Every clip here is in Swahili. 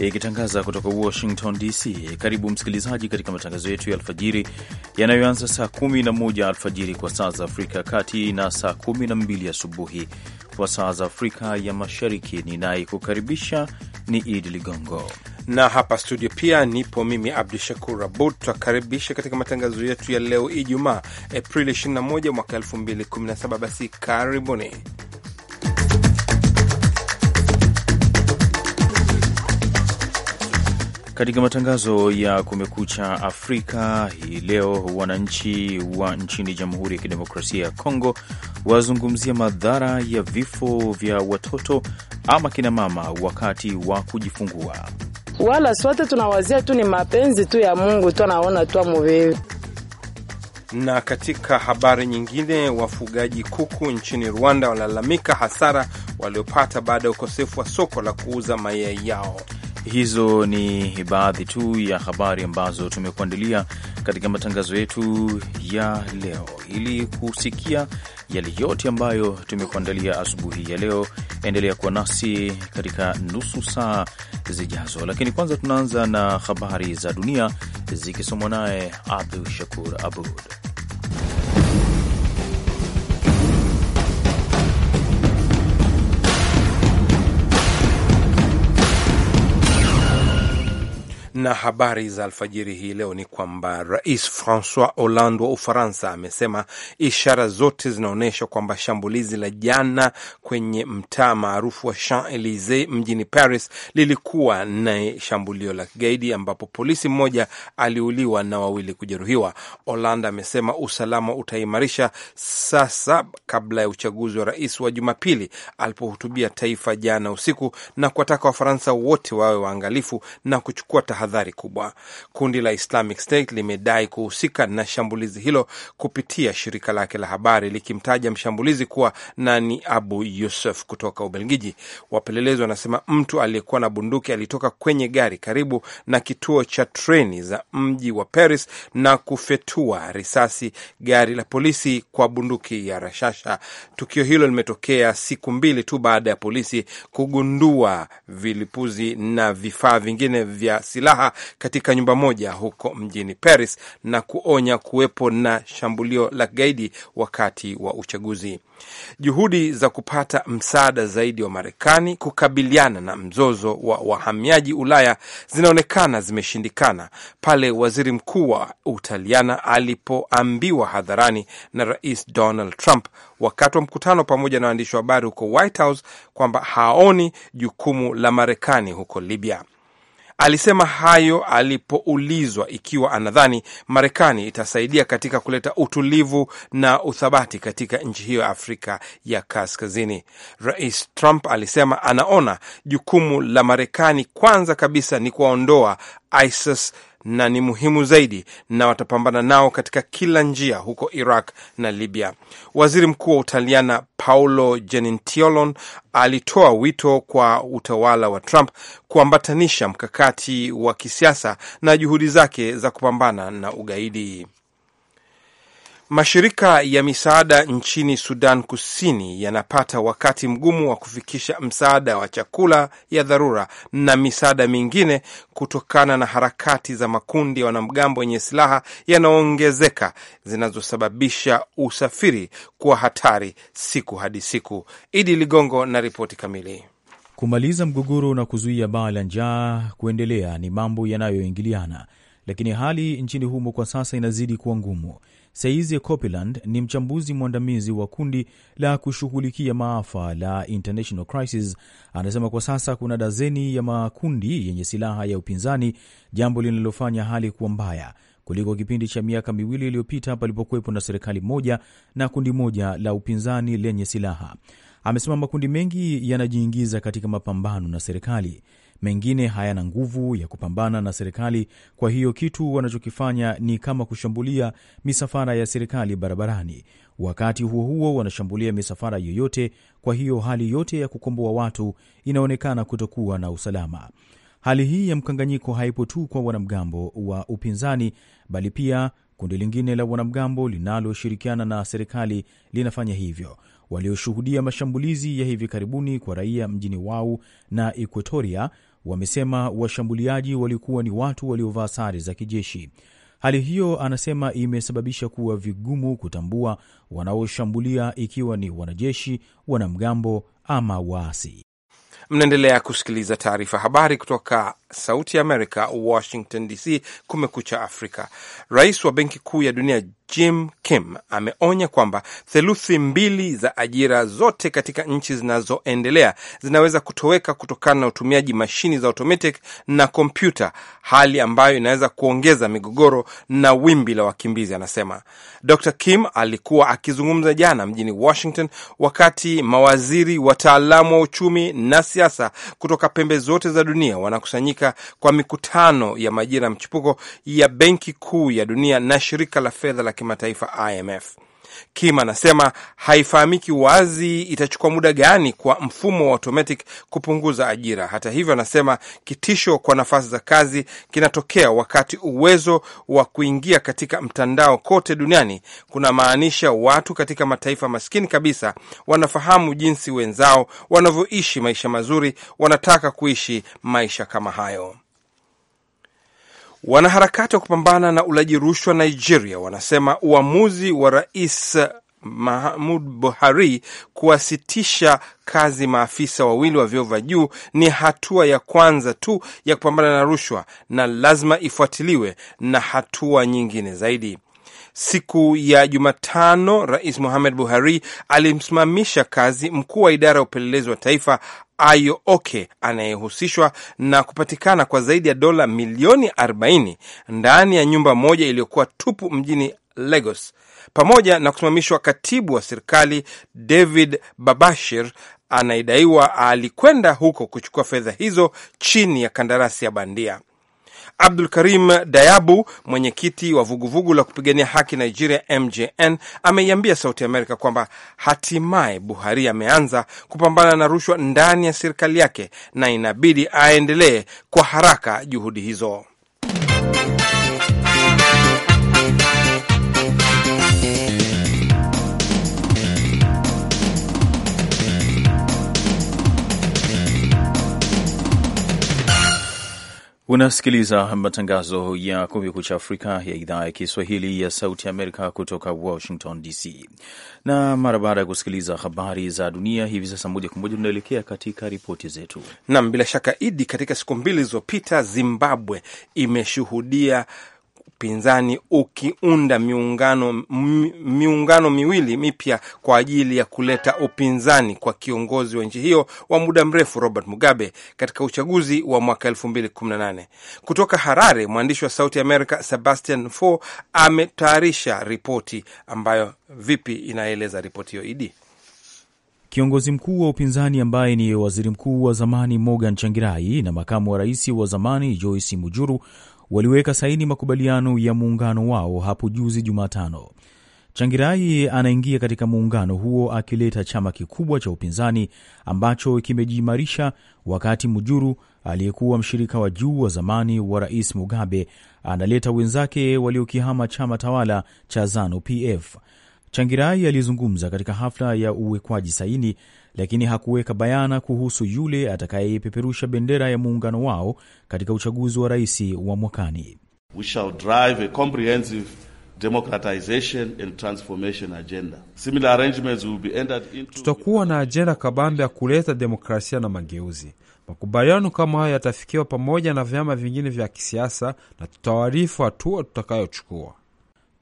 ikitangaza kutoka Washington DC. Karibu msikilizaji katika matangazo yetu ya alfajiri yanayoanza saa 11 alfajiri kwa saa za Afrika ya Kati na saa 12 asubuhi kwa saa za Afrika ya Mashariki. Ninayekukaribisha ni Idi Ligongo na hapa studio pia nipo mimi Abdu Shakur Abud. twakaribisha katika matangazo yetu ya leo Ijumaa, Aprili 21 mwaka 2017. Basi karibuni. Katika matangazo ya Kumekucha Afrika hii leo, wananchi wa nchini Jamhuri ya Kidemokrasia ya Kongo wazungumzia madhara ya vifo vya watoto ama kinamama wakati wa kujifungua. Wala sote tunawazia tu ni mapenzi tu ya Mungu tu anaona tu amuvivi Na katika habari nyingine, wafugaji kuku nchini Rwanda wanalalamika hasara waliopata baada ya ukosefu wa soko la kuuza mayai yao. Hizo ni baadhi tu ya habari ambazo tumekuandalia katika matangazo yetu ya leo. Ili kusikia yale yote ambayo tumekuandalia asubuhi ya leo, endelea kuwa nasi katika nusu saa zijazo, lakini kwanza tunaanza na habari za dunia zikisomwa naye Abdu Shakur Abud. na habari za alfajiri hii leo ni kwamba Rais Francois Hollande wa Ufaransa amesema ishara zote zinaonyesha kwamba shambulizi la jana kwenye mtaa maarufu wa Champs Elysees mjini Paris lilikuwa na shambulio la kigaidi ambapo polisi mmoja aliuliwa na wawili kujeruhiwa. Hollande amesema usalama utaimarisha sasa kabla ya uchaguzi wa rais wa Jumapili alipohutubia taifa jana usiku, na kuwataka Wafaransa wote wawe waangalifu na kuchukua tahadhari tahadhari kubwa. Kundi la Islamic State limedai kuhusika na shambulizi hilo kupitia shirika lake la habari likimtaja mshambulizi kuwa nani Abu Yusuf kutoka Ubelgiji. Wapelelezi wanasema mtu aliyekuwa na bunduki alitoka kwenye gari karibu na kituo cha treni za mji wa Paris na kufetua risasi gari la polisi kwa bunduki ya rashasha. Tukio hilo limetokea siku mbili tu baada ya polisi kugundua vilipuzi na vifaa vingine vya silaha silaha katika nyumba moja huko mjini Paris na kuonya kuwepo na shambulio la kigaidi wakati wa uchaguzi. Juhudi za kupata msaada zaidi wa Marekani kukabiliana na mzozo wa wahamiaji Ulaya zinaonekana zimeshindikana pale waziri mkuu wa Utaliana alipoambiwa hadharani na Rais Donald Trump wakati wa mkutano pamoja na waandishi wa habari huko White House kwamba haoni jukumu la Marekani huko Libya. Alisema hayo alipoulizwa ikiwa anadhani Marekani itasaidia katika kuleta utulivu na uthabati katika nchi hiyo ya Afrika ya Kaskazini. Rais Trump alisema anaona jukumu la Marekani kwanza kabisa ni kuwaondoa ISIS na ni muhimu zaidi, na watapambana nao katika kila njia huko Iraq na Libya. Waziri mkuu wa Utaliana Paolo Gentiloni alitoa wito kwa utawala wa Trump kuambatanisha mkakati wa kisiasa na juhudi zake za kupambana na ugaidi. Mashirika ya misaada nchini Sudan Kusini yanapata wakati mgumu wa kufikisha msaada wa chakula ya dharura na misaada mingine kutokana na harakati za makundi ya wanamgambo yenye silaha yanayoongezeka zinazosababisha usafiri kuwa hatari siku hadi siku. Idi Ligongo na ripoti kamili. Kumaliza mgogoro na kuzuia baa la njaa kuendelea ni mambo yanayoingiliana, lakini hali nchini humo kwa sasa inazidi kuwa ngumu saizi Copeland ni mchambuzi mwandamizi wa kundi la kushughulikia maafa la International Crisis. Anasema kwa sasa kuna dazeni ya makundi yenye silaha ya upinzani, jambo linalofanya hali kuwa mbaya kuliko kipindi cha miaka miwili iliyopita palipokuwepo na serikali moja na kundi moja la upinzani lenye silaha. Amesema makundi mengi yanajiingiza katika mapambano na serikali mengine hayana nguvu ya kupambana na serikali. Kwa hiyo kitu wanachokifanya ni kama kushambulia misafara ya serikali barabarani, wakati huo huo wanashambulia misafara yoyote. Kwa hiyo hali yote ya kukomboa watu inaonekana kutokuwa na usalama. Hali hii ya mkanganyiko haipo tu kwa wanamgambo wa upinzani, bali pia kundi lingine la wanamgambo linaloshirikiana na serikali linafanya hivyo. Walioshuhudia mashambulizi ya hivi karibuni kwa raia mjini Wau na Equatoria wamesema washambuliaji walikuwa ni watu waliovaa sare za kijeshi. Hali hiyo, anasema, imesababisha kuwa vigumu kutambua wanaoshambulia ikiwa ni wanajeshi, wanamgambo ama waasi. Mnaendelea kusikiliza taarifa habari kutoka Sauti ya Amerika, Washington DC. Kumekucha Afrika. Rais wa Benki Kuu ya Dunia Jim Kim ameonya kwamba theluthi mbili za ajira zote katika nchi zinazoendelea zinaweza kutoweka kutokana na utumiaji mashini za automatic na kompyuta, hali ambayo inaweza kuongeza migogoro na wimbi la wakimbizi, anasema. Dr Kim alikuwa akizungumza jana mjini Washington wakati mawaziri, wataalamu wa uchumi na siasa kutoka pembe zote za dunia wanakusanyika kufanyika kwa mikutano ya majira ya mchipuko ya Benki Kuu ya Dunia na Shirika la Fedha la Kimataifa IMF. Kim anasema haifahamiki wazi itachukua muda gani kwa mfumo wa automatic kupunguza ajira. Hata hivyo, anasema kitisho kwa nafasi za kazi kinatokea wakati uwezo wa kuingia katika mtandao kote duniani kuna maanisha watu katika mataifa maskini kabisa wanafahamu jinsi wenzao wanavyoishi maisha mazuri, wanataka kuishi maisha kama hayo. Wanaharakati wa kupambana na ulaji rushwa Nigeria wanasema uamuzi wa rais mahmud Buhari kuwasitisha kazi maafisa wawili wa vyeo vya juu ni hatua ya kwanza tu ya kupambana na rushwa na lazima ifuatiliwe na hatua nyingine zaidi siku ya Jumatano, Rais muhamed Buhari alimsimamisha kazi mkuu wa idara ya upelelezi wa taifa Ayo anayehusishwa na kupatikana kwa zaidi ya dola milioni 40 ndani ya nyumba moja iliyokuwa tupu mjini Lagos, pamoja na kusimamishwa katibu wa serikali David Babashir anayedaiwa alikwenda huko kuchukua fedha hizo chini ya kandarasi ya bandia. Abdul Karim Dayabu, mwenyekiti wa vuguvugu la kupigania haki Nigeria, MJN, ameiambia Sauti Amerika kwamba hatimaye Buhari ameanza kupambana na rushwa ndani ya serikali yake na inabidi aendelee kwa haraka juhudi hizo. Unasikiliza matangazo ya Kumekucha Afrika ya idhaa ya Kiswahili ya Sauti Amerika kutoka Washington DC, na mara baada ya kusikiliza habari za dunia hivi sasa, moja kwa moja tunaelekea katika ripoti zetu nam. Bila shaka Idi, katika siku mbili zilizopita Zimbabwe imeshuhudia upinzani ukiunda miungano, miungano miwili mipya kwa ajili ya kuleta upinzani kwa kiongozi wa nchi hiyo wa muda mrefu Robert Mugabe katika uchaguzi wa mwaka 2018. Kutoka Harare, mwandishi wa Sauti america Sebastian Fo ametayarisha ripoti ambayo vipi inaeleza ripoti hiyo Idi. Kiongozi mkuu wa upinzani ambaye ni waziri mkuu wa zamani Morgan Changirai na makamu wa rais wa zamani Joyce Mujuru waliweka saini makubaliano ya muungano wao hapo juzi Jumatano. Changirai anaingia katika muungano huo akileta chama kikubwa cha upinzani ambacho kimejiimarisha, wakati Mujuru aliyekuwa mshirika wa juu wa zamani wa Rais Mugabe analeta wenzake waliokihama chama tawala cha Zanu PF. Changirai alizungumza katika hafla ya uwekwaji saini lakini hakuweka bayana kuhusu yule atakayepeperusha bendera ya muungano wao katika uchaguzi wa rais wa mwakani. We shall drive a comprehensive democratization and transformation agenda. Similar arrangements will be entered into... Tutakuwa na ajenda kabambe ya kuleta demokrasia na mageuzi. Makubaliano kama hayo yatafikiwa pamoja na vyama vingine vya kisiasa na tutawaarifu hatua tutakayochukua.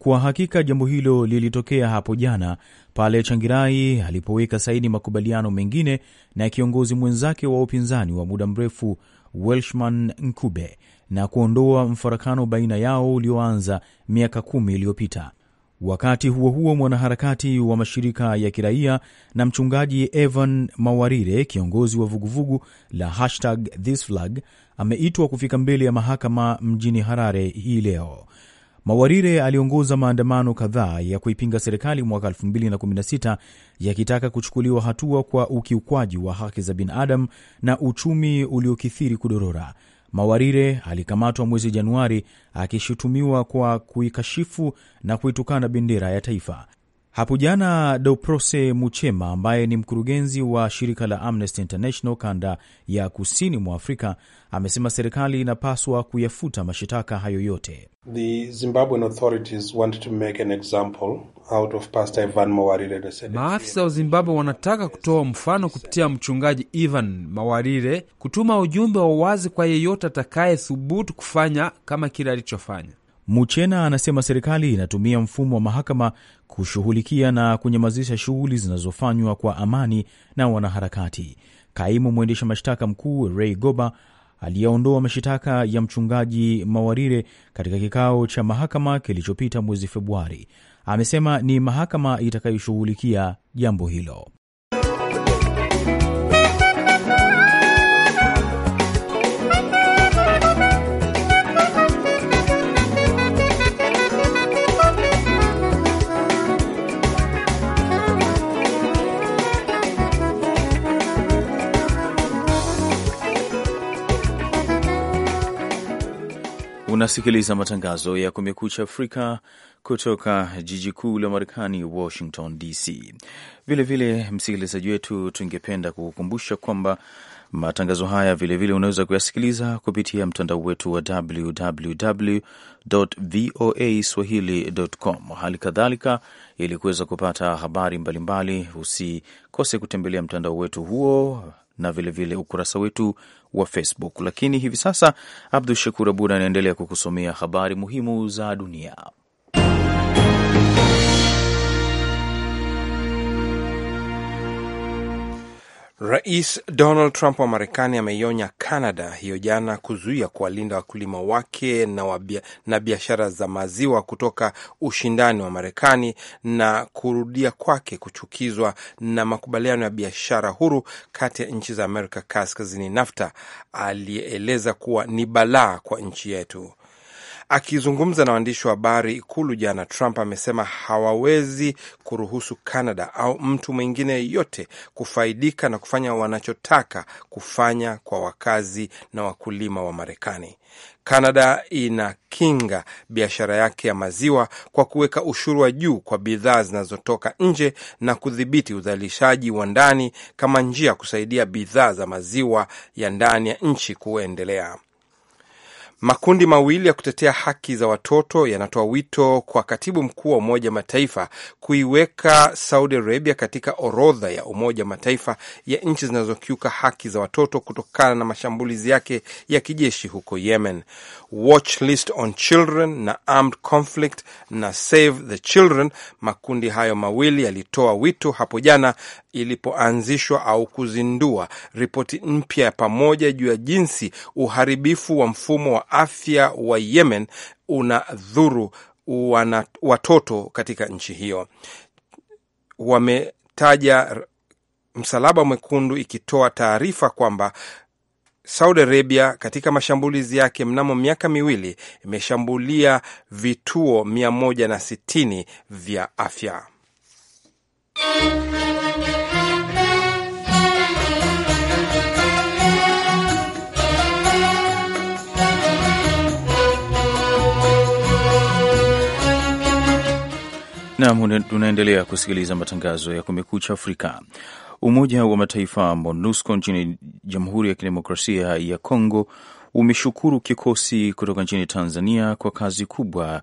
Kwa hakika jambo hilo lilitokea hapo jana pale Changirai alipoweka saini makubaliano mengine na kiongozi mwenzake wa upinzani wa muda mrefu Welshman Ncube na kuondoa mfarakano baina yao ulioanza miaka kumi iliyopita. Wakati huo huo, mwanaharakati wa mashirika ya kiraia na mchungaji Evan Mawarire, kiongozi wa vuguvugu la hashtag This Flag, ameitwa kufika mbele ya mahakama mjini Harare hii leo. Mawarire aliongoza maandamano kadhaa ya kuipinga serikali mwaka 2016 yakitaka kuchukuliwa hatua kwa ukiukwaji wa haki za binadamu na uchumi uliokithiri kudorora. Mawarire alikamatwa mwezi Januari akishutumiwa kwa kuikashifu na kuitukana bendera ya taifa. Hapo jana Doprose Muchema ambaye ni mkurugenzi wa shirika la Amnesty International kanda ya kusini mwa Afrika amesema serikali inapaswa kuyafuta mashitaka hayo yote. Maafisa wa Zimbabwe wanataka kutoa mfano kupitia mchungaji Ivan Mawarire, kutuma ujumbe wa wazi kwa yeyote atakaye thubutu kufanya kama kile alichofanya. Muchena anasema serikali inatumia mfumo wa mahakama kushughulikia na kunyamazisha shughuli zinazofanywa kwa amani na wanaharakati. Kaimu mwendesha mashtaka mkuu Ray Goba aliyeondoa mashitaka ya mchungaji Mawarire katika kikao cha mahakama kilichopita mwezi Februari amesema ni mahakama itakayoshughulikia jambo hilo. Unasikiliza matangazo ya Kumekucha Afrika kutoka jiji kuu la Marekani, Washington DC. Vilevile msikilizaji wetu, tungependa kukukumbusha kwamba matangazo haya vilevile unaweza kuyasikiliza kupitia mtandao wetu wa www voa swahili.com. Hali kadhalika, ili kuweza kupata habari mbalimbali, usikose kutembelea mtandao wetu huo na vilevile vile ukurasa wetu wa Facebook. Lakini hivi sasa Abdu Shakur Abud anaendelea kukusomea habari muhimu za dunia. Rais Donald Trump wa Marekani ameionya Canada hiyo jana kuzuia kuwalinda wakulima wake na, wabia, na biashara za maziwa kutoka ushindani wa Marekani na kurudia kwake kuchukizwa na makubaliano ya biashara huru kati ya nchi za Amerika Kaskazini, NAFTA, aliyeeleza kuwa ni balaa kwa nchi yetu. Akizungumza na waandishi wa habari Ikulu jana, Trump amesema hawawezi kuruhusu Canada au mtu mwingine yeyote kufaidika na kufanya wanachotaka kufanya kwa wakazi na wakulima wa Marekani. Kanada inakinga biashara yake ya maziwa kwa kuweka ushuru wa juu kwa bidhaa zinazotoka nje na kudhibiti uzalishaji wa ndani kama njia ya kusaidia bidhaa za maziwa ya ndani ya nchi kuendelea. Makundi mawili ya kutetea haki za watoto yanatoa wito kwa katibu mkuu wa Umoja Mataifa kuiweka Saudi Arabia katika orodha ya Umoja Mataifa ya nchi zinazokiuka haki za watoto kutokana na mashambulizi yake ya kijeshi huko Yemen. Watch List on Children na Armed Conflict na Save the Children, makundi hayo mawili yalitoa wito hapo jana ilipoanzishwa au kuzindua ripoti mpya ya pamoja juu ya jinsi uharibifu wa mfumo wa afya wa Yemen unadhuru wana, watoto katika nchi hiyo. Wametaja Msalaba Mwekundu ikitoa taarifa kwamba Saudi Arabia katika mashambulizi yake mnamo miaka miwili imeshambulia vituo 160 vya afya. nam tunaendelea kusikiliza matangazo ya Kumekucha Afrika. Umoja wa Mataifa MONUSCO nchini Jamhuri ya Kidemokrasia ya Kongo umeshukuru kikosi kutoka nchini Tanzania kwa kazi kubwa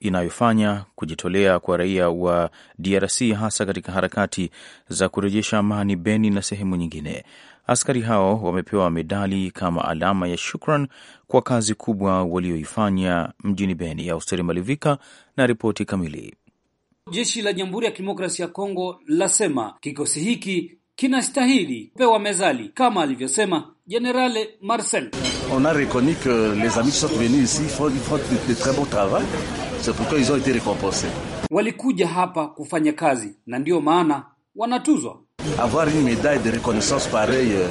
inayofanya kujitolea kwa raia wa DRC hasa katika harakati za kurejesha amani Beni na sehemu nyingine. Askari hao wamepewa medali kama alama ya shukran kwa kazi kubwa walioifanya mjini Beni. Austeri Malivika na ripoti kamili. Jeshi la Jamhuri ya Kidemokrasia ya Kongo lasema kikosi hiki kinastahili pewa mezali kama alivyosema General Marcel. On a reconnu que les amis qui sont venus ici font, font de, de très bon travail. C'est pourquoi ils ont été récompensés. Walikuja hapa kufanya kazi na ndiyo maana wanatuzwa avoir une médaille de reconnaissance pareille, euh,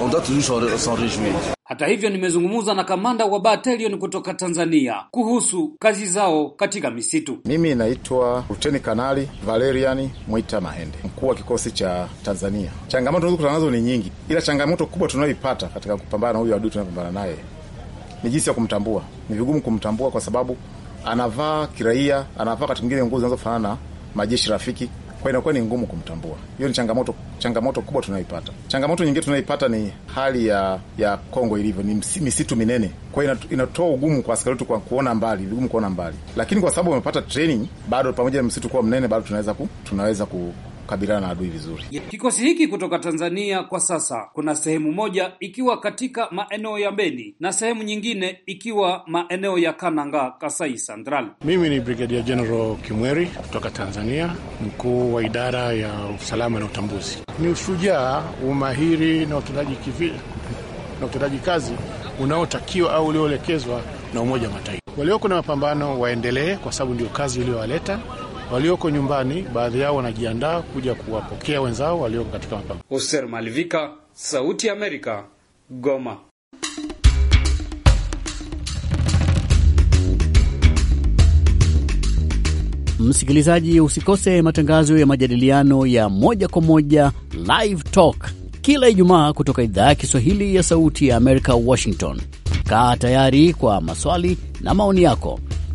on doit toujours s'en réjouir. Hata hivyo nimezungumza na kamanda wa batalion kutoka Tanzania kuhusu kazi zao katika misitu. Mimi naitwa Luteni Kanali Valerian Mwita Mahende, mkuu wa kikosi cha Tanzania. Changamoto tunazokutana nazo ni nyingi, ila changamoto kubwa tunayoipata katika kupambana na huyu adui tunayopambana naye ni jinsi ya kumtambua. Ni vigumu kumtambua kwa sababu anavaa kiraia, anavaa kati mwingine nguo zinazofanana na majeshi rafiki kwa inakuwa ni ngumu kumtambua. Hiyo ni changamoto, changamoto kubwa tunayoipata. Changamoto nyingine tunaoipata ni hali ya ya Kongo ilivyo, ni misitu minene, kwa inatoa ugumu kwa askari wetu kwa kuona mbali, ugumu kuona mbali, lakini kwa sababu wamepata training bado, pamoja na msitu kuwa mnene, bado tunaweza ku, tunaweza ku kukabiliana na adui vizuri. Kikosi hiki kutoka Tanzania kwa sasa kuna sehemu moja ikiwa katika maeneo ya Beni na sehemu nyingine ikiwa maeneo ya Kananga, Kasai Central. Mimi ni Brigadia General Kimweri kutoka Tanzania, mkuu wa idara ya usalama na utambuzi. Ni ushujaa, umahiri na utendaji kivili na utendaji kazi unaotakiwa au ulioelekezwa na Umoja wa Mataifa. Walioko na mapambano waendelee, kwa sababu ndio kazi iliyowaleta Walioko nyumbani, baadhi yao wanajiandaa kuja kuwapokea wenzao walioko katika mapango. Hoser Malivika, Sauti ya Amerika, Goma. Msikilizaji, usikose matangazo ya majadiliano ya moja kwa moja Live Talk kila Ijumaa kutoka idhaa ya Kiswahili ya Sauti ya Amerika, Washington. Kaa tayari kwa maswali na maoni yako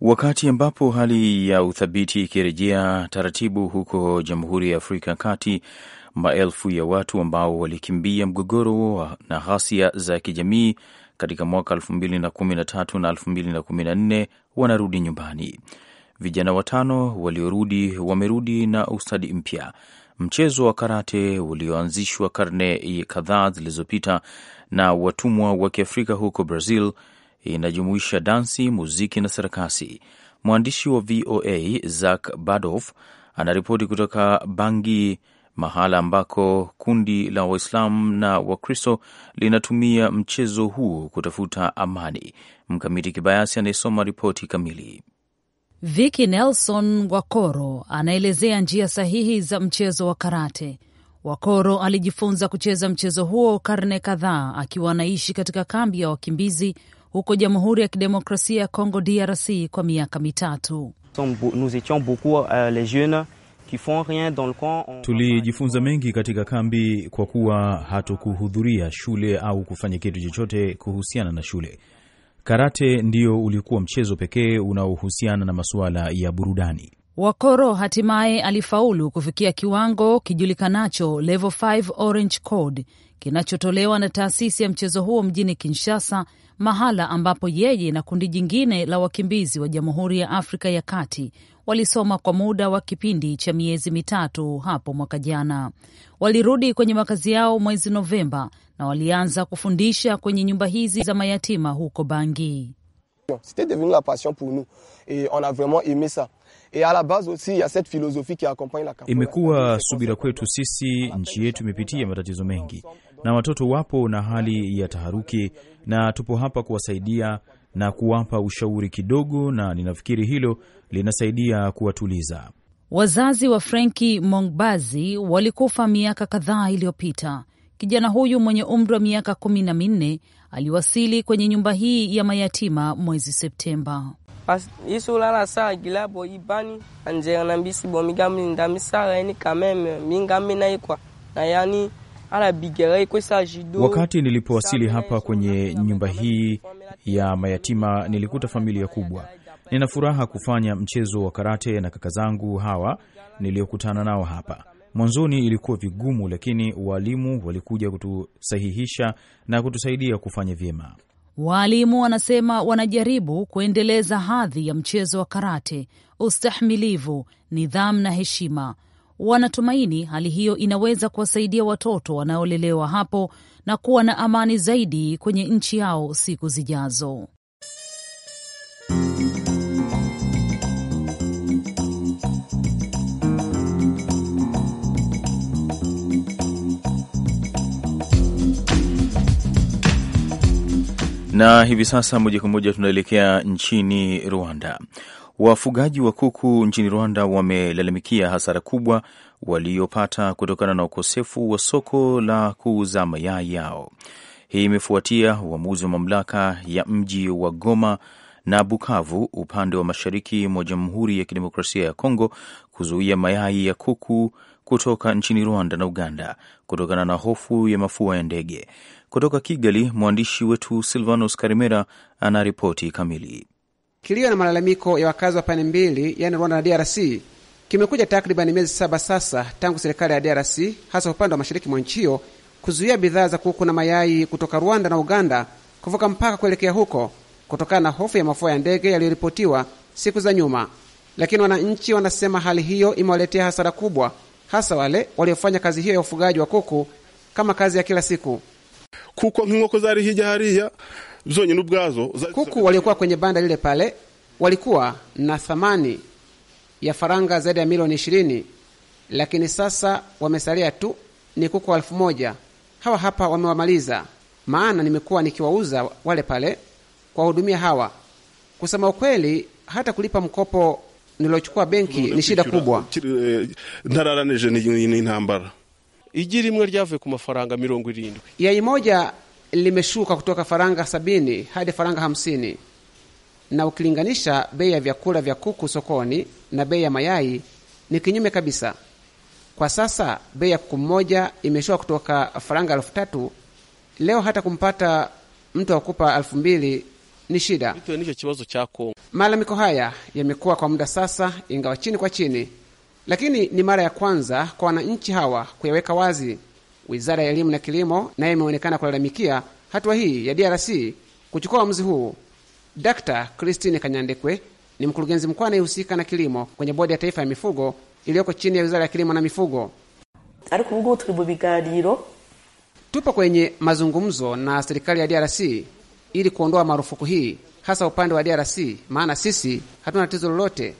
Wakati ambapo hali ya uthabiti ikirejea taratibu huko Jamhuri ya Afrika ya Kati, maelfu ya watu ambao walikimbia mgogoro na ghasia za kijamii katika mwaka 2013 na 2014 wanarudi nyumbani. Vijana watano waliorudi wamerudi na ustadi mpya. Mchezo wa karate ulioanzishwa karne kadhaa zilizopita na watumwa wa Kiafrika huko Brazil inajumuisha dansi, muziki na sarakasi. Mwandishi wa VOA Zak Badof anaripoti kutoka Bangi, mahala ambako kundi la Waislamu na Wakristo linatumia mchezo huu kutafuta amani. Mkamiti Kibayasi anayesoma ripoti kamili. Viki Nelson Wakoro anaelezea njia sahihi za mchezo wa karate. Wakoro alijifunza kucheza mchezo huo karne kadhaa akiwa anaishi katika kambi ya wakimbizi huko Jamhuri ya Kidemokrasia ya Kongo, DRC, kwa miaka mitatu. Euh, Tulijifunza mengi katika kambi kwa kuwa hatukuhudhuria shule au kufanya kitu chochote kuhusiana na shule. Karate ndio ulikuwa mchezo pekee unaohusiana na masuala ya burudani. Wakoro hatimaye alifaulu kufikia kiwango kijulikanacho Level 5 Orange Code kinachotolewa na taasisi ya mchezo huo mjini Kinshasa, mahala ambapo yeye na kundi jingine la wakimbizi wa Jamhuri ya Afrika ya Kati walisoma kwa muda wa kipindi cha miezi mitatu hapo mwaka jana. Walirudi kwenye makazi yao mwezi Novemba na walianza kufundisha kwenye nyumba hizi za mayatima huko Bangi. C'était devenu la passion pour nous et on a vraiment aimé ça Et à la base aussi, y a cette philosophie qui accompagne la Imekuwa subira kwetu sisi, nchi yetu imepitia matatizo mengi, na watoto wapo na hali ya taharuki, na tupo hapa kuwasaidia na kuwapa ushauri kidogo, na ninafikiri hilo linasaidia kuwatuliza. Wazazi wa Frenki Mongbazi walikufa miaka kadhaa iliyopita. Kijana huyu mwenye umri wa miaka kumi na minne aliwasili kwenye nyumba hii ya mayatima mwezi Septemba isulala sara gilabo ibani ndami kameme na ikwa na yani ala jido. Wakati nilipowasili hapa kwenye nyumba hii ya mayatima nilikuta familia kubwa. Nina furaha kufanya mchezo wa karate na kaka zangu hawa niliokutana nao hapa. Mwanzoni ilikuwa vigumu, lakini walimu walikuja kutusahihisha na kutusaidia kufanya vyema. Waalimu wanasema wanajaribu kuendeleza hadhi ya mchezo wa karate, ustahimilivu, nidhamu na heshima. Wanatumaini hali hiyo inaweza kuwasaidia watoto wanaolelewa hapo na kuwa na amani zaidi kwenye nchi yao siku zijazo. Na hivi sasa moja kwa moja tunaelekea nchini Rwanda. Wafugaji wa kuku nchini Rwanda wamelalamikia hasara kubwa waliopata kutokana na ukosefu wa soko la kuuza mayai yao. Hii imefuatia uamuzi wa mamlaka ya mji wa Goma na Bukavu upande wa mashariki mwa Jamhuri ya Kidemokrasia ya Kongo kuzuia mayai ya kuku kutoka nchini Rwanda na Uganda kutokana na hofu ya mafua ya ndege. Kutoka Kigali, mwandishi wetu Silvanus Karimera ana ripoti kamili. Kilio na malalamiko ya wakazi wa pande mbili, yani Rwanda na DRC, kimekuja takribani miezi saba sasa tangu serikali ya DRC, hasa upande wa mashariki mwa nchi hiyo, kuzuia bidhaa za kuku na mayai kutoka Rwanda na Uganda kuvuka mpaka kuelekea huko kutokana na hofu ya mafua ya ndege yaliyoripotiwa siku za nyuma. Lakini wananchi wanasema hali hiyo imewaletea hasara kubwa, hasa wale waliofanya kazi hiyo ya ufugaji wa kuku kama kazi ya kila siku kuko nk'inkoko zari hijya hariya zonyine ubwazo. Kuku waliokuwa kwenye banda lile pale walikuwa na thamani ya faranga zaidi ya milioni ishirini, lakini sasa wamesalia tu ni kuku elfu moja. Hawa hapa wamewamaliza, maana nimekuwa nikiwauza wale pale kuwahudumia hawa. Kusema ukweli, hata kulipa mkopo niliochukua benki ni shida kubwa. Eh, ntararaneje ni intambara igi rimwe ryavuye ku mafaranga mirongo irindwi. Yai moja limeshuka kutoka faranga sabini hadi faranga hamsini na ukilinganisha bei ya vyakula vya kuku sokoni na bei ya mayai ni kinyume kabisa. Kwa sasa bei ya kuku mmoja imeshuka kutoka faranga elfu tatu leo, hata kumpata mtu akupa elfu mbili ni shida. Malalamiko haya yamekuwa kwa muda sasa, ingawa chini kwa chini lakini ni mara ya kwanza kwa wananchi hawa kuyaweka wazi. Wizara ya Elimu na Kilimo nayo imeonekana kulalamikia hatua hii ya DRC kuchukua uamuzi huu. Dr Christine Kanyandekwe ni mkurugenzi mkuu anayehusika na kilimo kwenye Bodi ya Taifa ya Mifugo iliyoko chini ya Wizara ya Kilimo na Mifugo. Tupo kwenye mazungumzo na serikali ya DRC ili kuondoa marufuku hii, hasa upande wa DRC, maana sisi hatuna tatizo lolote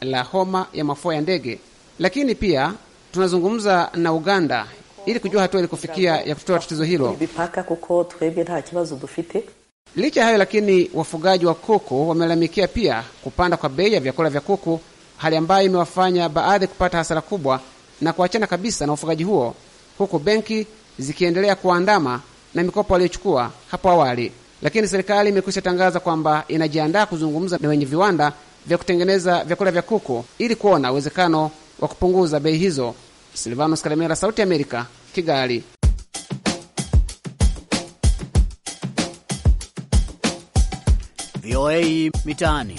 la homa ya mafua ya ndege lakini pia tunazungumza na Uganda ili kujua hatua ilikufikia ya kutoa tatizo hilo. Licha hayo, lakini wafugaji wa kuku wamelalamikia pia kupanda kwa bei ya vyakula vya kuku, hali ambayo imewafanya baadhi kupata hasara kubwa na kuachana kabisa na ufugaji huo, huku benki zikiendelea kuandama na mikopo waliochukua hapo awali. Lakini serikali imekwisha tangaza kwamba inajiandaa kuzungumza na wenye viwanda vya kutengeneza vyakula vya kuku ili kuona uwezekano wa kupunguza bei hizo. silvanos Karemera, Sauti ya Amerika, Kigali. VOA Mitaani.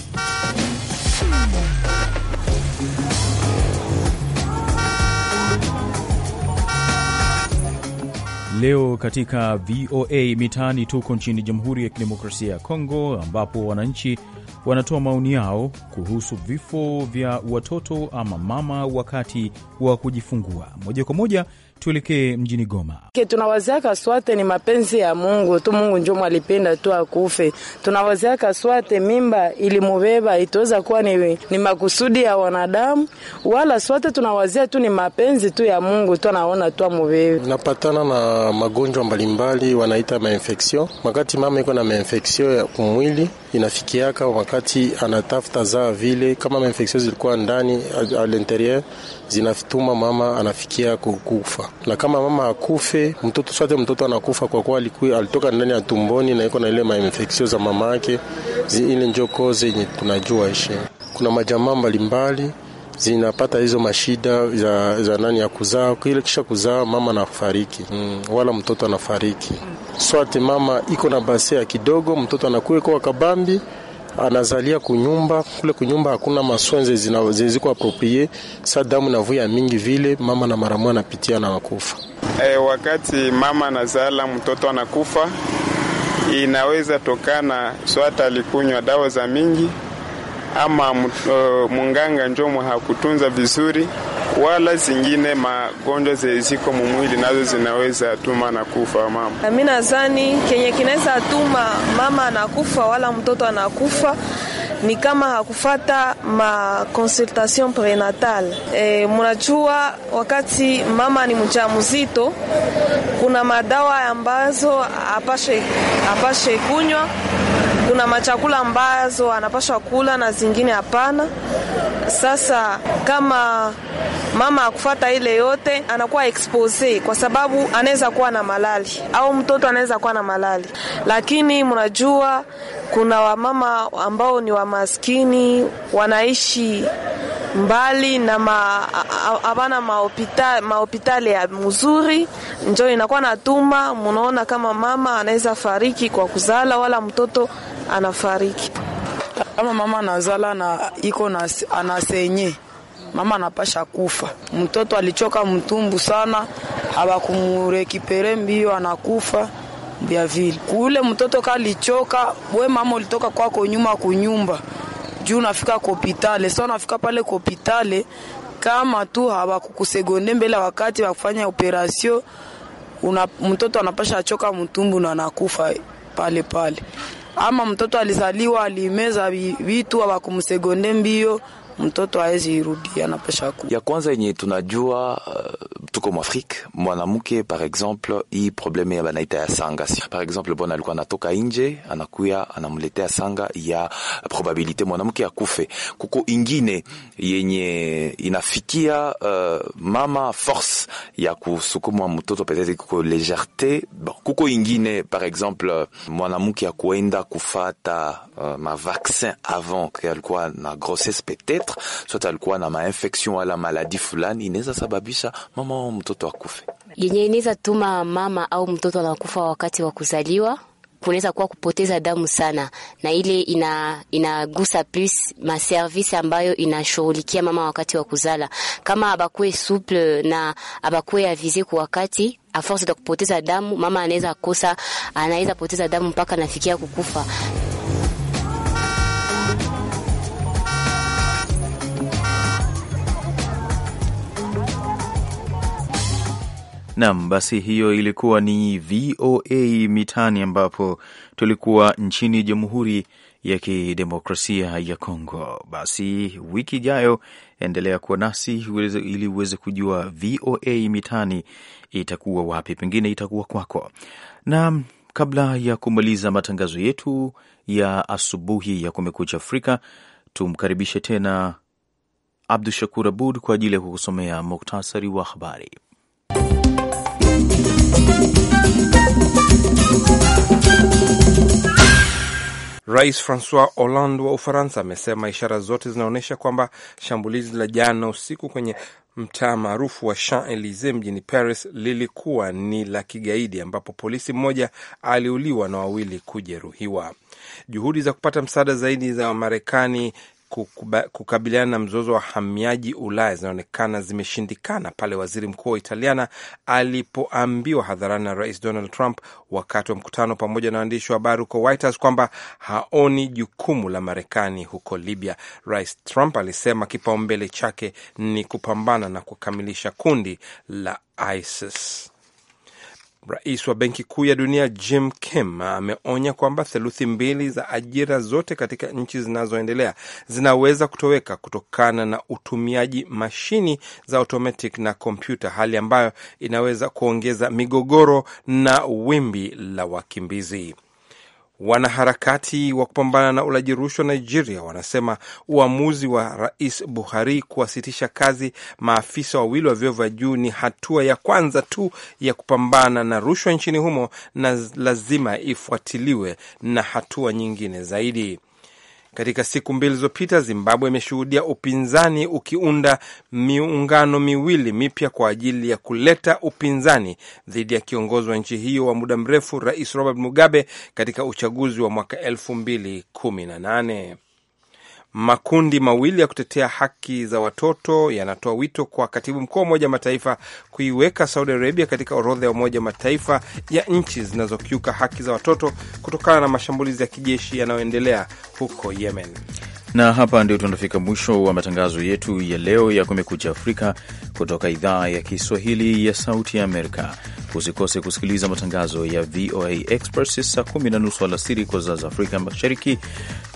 Leo katika VOA Mitaani tuko nchini Jamhuri ya Kidemokrasia ya Kongo ambapo wananchi wanatoa maoni yao kuhusu vifo vya watoto ama mama wakati wa kujifungua. Moja kwa moja Tuelekee mjini Goma. Tunawaziaka kaswate ni mapenzi ya Mungu tu, Mungu njo mwalipenda tu akufe. Tunawazia kaswate mimba ilimubeba itaweza kuwa ni, ni makusudi ya wanadamu, wala swate tunawazia tu ni mapenzi tu ya Mungu tu, anaona tu amubebe. Napatana na magonjwa mbalimbali wanaita mainfeksio. Wakati mama iko na mainfeksio ya kumwili inafikiaka wakati anatafuta zaa vile, kama mainfeksio zilikuwa ndani alinterieur zinatuma mama anafikia kukufa na kama mama akufe mtoto sote, mtoto anakufa kwa kuwa alitoka ndani ya tumboni na iko na ile mainfeksio za mama yake, ile njo koze yenye tunajua ishe. Kuna majamaa mbalimbali zinapata hizo mashida za, za nani ya kuzaa kile, kisha kuzaa mama anafariki mm, wala mtoto anafariki mm. swate, mama iko na basea kidogo, mtoto anakuwa kwa kabambi anazalia kunyumba kule, kunyumba hakuna maswenze zinazoziko aproprie, sa damu navuya mingi vile, mama na maramu anapitia na wakufa. E, wakati mama anazala mtoto anakufa, inaweza tokana swata alikunywa dawa za mingi ama uh, munganga njomo hakutunza vizuri wala zingine magonjwa ziko mumwili nazo zinaweza tuma na kufa mama. Mimi nadhani kenye kinaweza tuma mama anakufa wala mtoto anakufa ni kama hakufata ma consultation prenatal. E, mnajua wakati mama ni mjamzito kuna madawa ambazo apashe, apashe kunywa kuna machakula ambazo anapashwa kula na zingine hapana. Sasa kama mama akufata ile yote, anakuwa expose kwa sababu anaweza kuwa na malali au mtoto anaweza kuwa na malali, lakini mnajua kuna wamama ambao ni wamaskini wanaishi mbali na havana ma, mahopitali ya mzuri, njo inakuwa natuma munaona kama mama anaweza fariki kwa kuzala wala mtoto anafariki kama mama anazala na iko na anasenye mama anapasha kufa. Mtoto alichoka mtumbu sana, abakumurekipere mbio, anakufa bya Kule mtoto kalichoka, we mama ulitoka kwako nyuma kunyumba juu nafika kopitale. Sasa nafika pale kopitale, kama tu hawakukusegonde mbele wakati wa kufanya operasio, mtoto anapasha achoka mtumbu na anakufa pale pale, ama mtoto alizaliwa alimeza vitu hawakumsegonde mbio mtoto hawezi irudia na pesha ku ya kwanza yenye tunajua uh, tuko mwafrike mwanamke par exemple, hii probleme ya banaita ya sanga si. Par exemple bwana alikuwa anatoka nje anakuya anamletea sanga ya probabilite mwanamke akufe. Kuko ingine yenye inafikia uh, mama force ya kusukuma mtoto peut-être kuko légèreté bon. Kuko ingine par exemple mwanamke akuenda kufata uh, mavaksin avant alikuwa na grossesse peut-être kilometre. Sote alikuwa na mainfection wala maladi fulani inaweza sababisha mama au mtoto akufe, yenye inaweza tuma mama au mtoto anakufa wakati wa kuzaliwa kunaweza kuwa kupoteza damu sana, na ile ina inagusa plus maservice ambayo inashughulikia mama wakati wa kuzala. Kama abakue souple na abakue avize kwa wakati, a force de kupoteza damu, mama anaweza kosa, anaweza poteza damu mpaka nafikia kukufa. Nam, basi hiyo ilikuwa ni VOA Mitaani, ambapo tulikuwa nchini Jamhuri ya Kidemokrasia ya Kongo. Basi wiki ijayo endelea kuwa nasi ili uweze kujua VOA Mitaani itakuwa wapi, pengine itakuwa kwako. Na kabla ya kumaliza matangazo yetu ya asubuhi ya Kumekucha Afrika, tumkaribishe tena Abdu Shakur Abud kwa ajili ya kukusomea muktasari wa habari. Rais Francois Hollande wa Ufaransa amesema ishara zote zinaonyesha kwamba shambulizi la jana usiku kwenye mtaa maarufu wa Champs Elysees mjini Paris lilikuwa ni la kigaidi, ambapo polisi mmoja aliuliwa na wawili kujeruhiwa. Juhudi za kupata msaada zaidi za Marekani kukabiliana na mzozo wa wahamiaji Ulaya zinaonekana zimeshindikana pale waziri mkuu wa Italiana alipoambiwa hadharani na Rais Donald Trump wakati wa mkutano pamoja na waandishi wa habari huko White House kwamba haoni jukumu la Marekani huko Libya. Rais Trump alisema kipaumbele chake ni kupambana na kukamilisha kundi la ISIS. Rais wa Benki Kuu ya Dunia Jim Kim ameonya kwamba theluthi mbili za ajira zote katika nchi zinazoendelea zinaweza kutoweka kutokana na utumiaji mashini za automatic na kompyuta, hali ambayo inaweza kuongeza migogoro na wimbi la wakimbizi. Wanaharakati wa kupambana na ulaji rushwa Nigeria wanasema uamuzi wa Rais Buhari kuwasitisha kazi maafisa wawili wa vyeo vya juu ni hatua ya kwanza tu ya kupambana na rushwa nchini humo na lazima ifuatiliwe na hatua nyingine zaidi. Katika siku mbili zilizopita, Zimbabwe imeshuhudia upinzani ukiunda miungano miwili mipya kwa ajili ya kuleta upinzani dhidi ya kiongozi wa nchi hiyo wa muda mrefu, Rais Robert Mugabe, katika uchaguzi wa mwaka elfu mbili kumi na nane. Makundi mawili ya kutetea haki za watoto yanatoa wito kwa katibu mkuu wa Umoja Mataifa kuiweka Saudi Arabia katika orodha ya Umoja Mataifa ya nchi zinazokiuka haki za watoto kutokana na mashambulizi ya kijeshi yanayoendelea huko Yemen. Na hapa ndio tunafika mwisho wa matangazo yetu ya leo ya Kumekucha Afrika kutoka idhaa ya Kiswahili ya Sauti ya Amerika. Usikose kusikiliza matangazo ya VOA Express saa kumi na nusu alasiri kwa saa za Afrika Mashariki.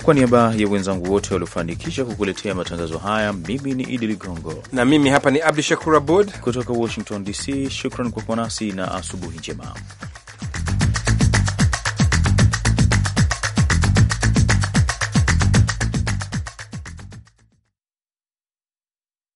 Kwa niaba ya wenzangu wote waliofanikisha kukuletea matangazo haya, mimi ni Idi Ligongo na mimi hapa ni Abdu Shakur Abud kutoka Washington DC. Shukran kwa kuwa nasi na asubuhi njema.